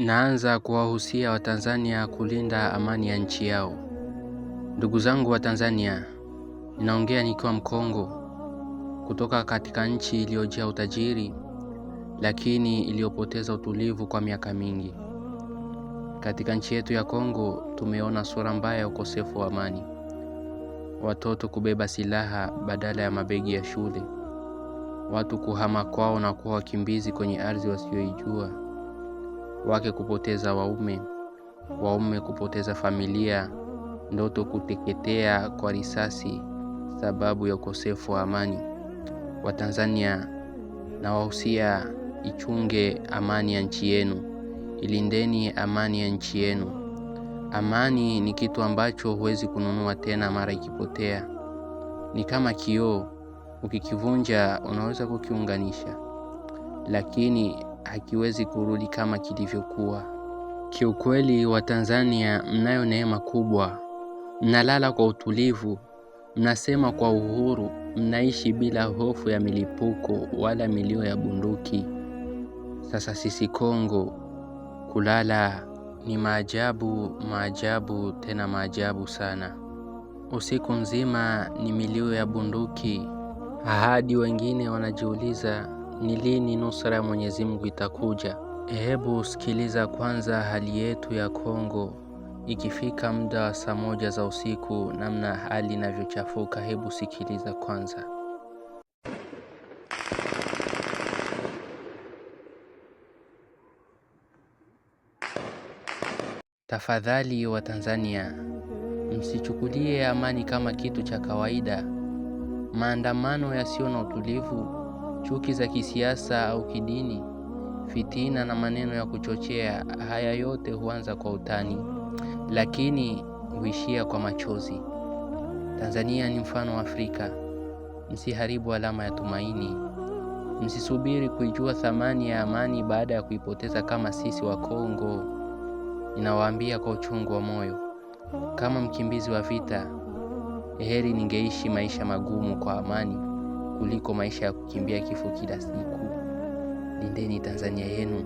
Naanza kuwahusia Watanzania kulinda amani ya nchi yao. Ndugu zangu wa Tanzania, ninaongea nikiwa Mkongo, kutoka katika nchi iliyojaa utajiri lakini iliyopoteza utulivu kwa miaka mingi. Katika nchi yetu ya Kongo tumeona sura mbaya ya ukosefu wa amani, watoto kubeba silaha badala ya mabegi ya shule, watu kuhama kwao na kuwa wakimbizi kwenye ardhi wasiyoijua wake kupoteza waume, waume kupoteza familia, ndoto kuteketea kwa risasi sababu ya ukosefu wa amani. Watanzania nawahusia, ichunge amani ya nchi yenu, ilindeni amani ya nchi yenu. Amani ni kitu ambacho huwezi kununua tena mara ikipotea. Ni kama kioo, ukikivunja unaweza kukiunganisha, lakini hakiwezi kurudi kama kilivyokuwa. Kiukweli wa tanzania mnayo neema kubwa, mnalala kwa utulivu, mnasema kwa uhuru, mnaishi bila hofu ya milipuko wala milio ya bunduki. Sasa sisi Kongo kulala ni maajabu, maajabu tena maajabu sana. Usiku nzima ni milio ya bunduki ahadi wengine wanajiuliza ni lini nusra ya Mwenyezi Mungu itakuja? Hebu sikiliza kwanza hali yetu ya Kongo ikifika muda wa saa moja za usiku, namna hali inavyochafuka. Hebu sikiliza kwanza. Tafadhali wa Tanzania, msichukulie amani kama kitu cha kawaida. Maandamano yasiyo na utulivu chuki za kisiasa au kidini, fitina na maneno ya kuchochea. Haya yote huanza kwa utani, lakini huishia kwa machozi. Tanzania ni mfano wa Afrika. Msiharibu alama ya tumaini, msisubiri kuijua thamani ya amani baada ya kuipoteza kama sisi wa Kongo. Ninawaambia kwa uchungu wa moyo, kama mkimbizi wa vita, heri ningeishi maisha magumu kwa amani kuliko maisha ya kukimbia kifo kila siku. Lindeni Tanzania yenu,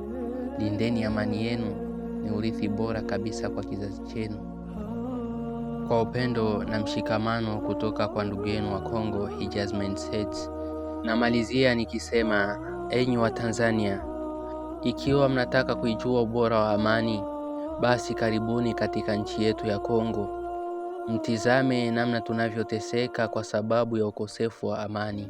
lindeni amani yenu, ni urithi bora kabisa kwa kizazi chenu. Kwa upendo na mshikamano kutoka kwa ndugu yenu wa Kongo, Hijaz Mindset. Namalizia nikisema enyi wa Tanzania, ikiwa mnataka kuijua ubora wa amani, basi karibuni katika nchi yetu ya Kongo. Mtizame namna tunavyoteseka kwa sababu ya ukosefu wa amani.